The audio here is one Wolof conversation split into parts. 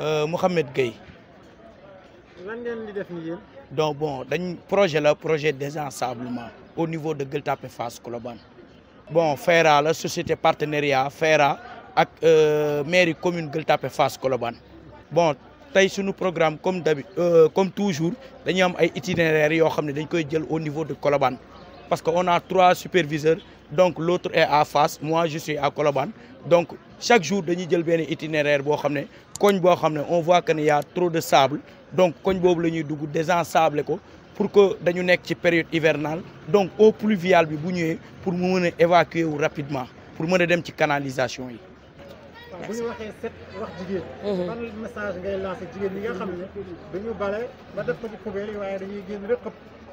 Euh, Mouhamed Gueye. lan donc bon dañ projet la projet désensablement au niveau de Gueule Tapée Fass Colobane. bon FERA la société partenairiat feera ak euh, mairie commune Gueule Tapée Fass Colobane. bon tey sunu programme comme d'habitude euh, comme toujours dañu am ay itinéraires yoo xam ne dañ koy jël au niveau de Colobane. parce que qu'on a trois superviseurs. Donc l'autre est à face, moi je suis à Koloban. Donc chaque jour, dañuy jël un itinéraire. boo xam ne koñ boo xam ne on Donc, nous désensable pour de nous soyons koñ boobu hivernale. Donc, eau pluviale pour ko pour que dañu nekk ci période hivernal donc set wax jigéen. bi mhm. bu ngay pour mu ñi nga xam ne dañu bale ba def ko ci poubelle yi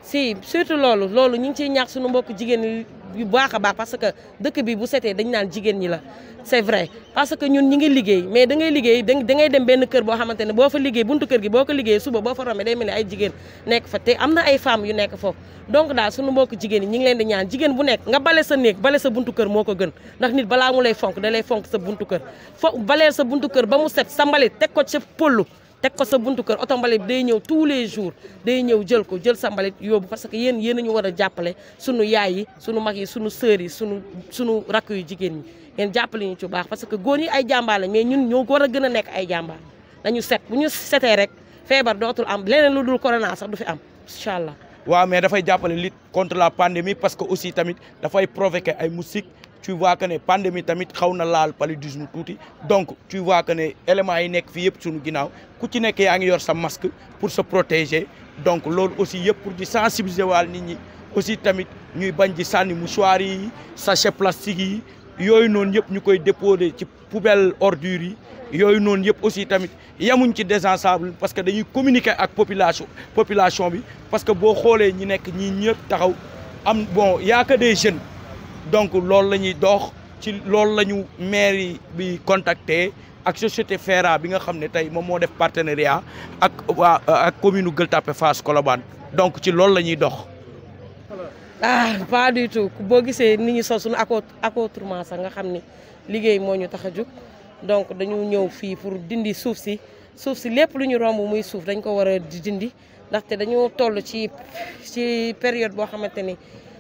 si surtout loolu loolu ñu ngi ciy ñaax suñu mbokk jigéen yu baax a baax parce que dëkk bi bu setee dañ naan jigéen ñi la c'est vrai parce que ñun ñu ngi liggéey mais dangay liggéey da ngay dem benn kër boo xamante ne boo fa liggéey buntu kër gi boo ko liggéey suba boo fa romee day mel ay jigéen nekk fa te am na ay femmes yu nekk foofu donc daal suñu mbokk jigéen yi ñi ngi leen di ñaan jigéen bu nekk nga bale sa néeg bale sa buntu kër moo ko gën ndax nit balaa mu lay fonk da fonk sa buntu kër fo baleel sa buntu kër ba mu set sa mbalit teg ko ca pollu te ko sa buntu kër oto mbalit day ñëw tous les jours day ñëw jël ko jël sa mbalit parce que yéen yéen a ñu war a jàppale sunu yaay yi sunu mag yi su sœur yi sunu sunu rakk yu jigéen ñi ngeen jàppale ñu ci baax parce que góor ñi ay jàmbaar lañ mais ñun ñoo war a gën a nekk ay jàmbaar dañu set bu ñu setee rek feebar dootul am leneen lu dul corona sax du fi am incha allah. waaw mais dafay jàppale lutte contre la pandémie parce que aussi tamit dafay provoquer ay musique ci vois que ne pandémie tamit xaw na laal paludisme tuuti donc ci vois que ne éléments yi nekk fii yëpp sunu ginnaaw ku ci nekk yaa ngi yor sa masque pour sa protéger donc loolu aussi yëpp pour di sensibiliser waal nit ñi aussi tamit ñuy bañ di sànni mouchoir yi sa sachet plastique yi yooyu noonu yëpp ñu koy déposer ci poubelle ordures yi yooyu noonu yëpp aussi tamit yemuñ ci désensable parce que dañuy communiquer ak population population bi parce que boo xoolee ñi nekk ñii ñëpp taxaw am bon y des jeunes donc loolu la ñuy dox ci loolu la ñu mairie bi contacter ak société Fera bi nga xam ne tey moom moo def partenariat ak waa ak commune Gueule Tapée Fass Colobane donc ci loolu la ñuy dox. ah pas du tout boo gisee nit ñi sax suñu accoutrement sax nga xam ni liggéey moo ñu tax a jóg donc dañu ñëw fii pour dindi suuf si suuf si lépp lu ñu romb muy suuf dañ ko war a dindi ndaxte dañu toll ci ci période boo xamante ni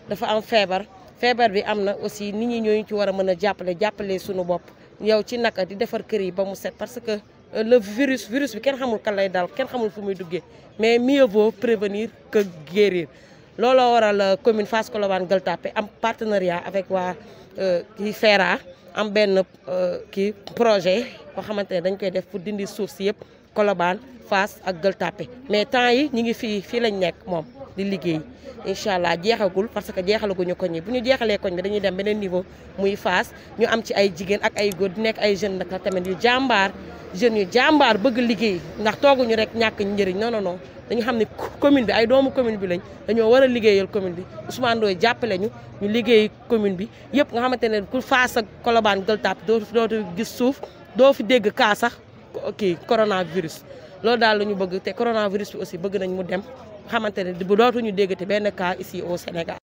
dafa am feebar. feebar bi am na aussi nit ñi ñu ci war a mën a jàppale jàppale suñu bopp yow ci naka di defar kër yi ba mu set parce que euh, le virus virus bi kenn xamul kan lay dal kenn xamul fu muy duggee mais mieux vaut prévenir que guérir looloo waral euh, commune Fass Colobane Gueule Tapée am partenariat avec waa euh, kii FERA am benn kii projet boo xamante ne dañ koy def pour dindi suuf si yëpp Colobane Fass ak Gueule Tapée mais temps yi ñu ngi fii fii lañ nekk moom di liggéey incha allah jeexagul parce que jeexale jeexalaguñu koñ yi bu ñu jeexalee koñ bi dañuy dem beneen niveau muy Fass ñu am ci ay jigéen ak ay góor di nekk ay jeunes nag tamit yu jàmbaar jeunes yu jàmbaar bëgg liggéey ndax tooguñu rek ñàkk njëriñ non non non dañu xam ne commune bi ay doomu commune bi lañ dañoo war a liggéeyal commune bi Ousmane Ndoye jàppale ñu ñu liggéey commune bi yëpp nga xamante ne ku Fass ak Colobane Gueule Tapée doo dootu gis suuf doo fi dégg kaa sax kii coronavirus loolu daal la ñu bëgg te coronavirus bi aussi bëgg nañ mu dem xamante ne bu dootuñu déggati benn cas ici au senegal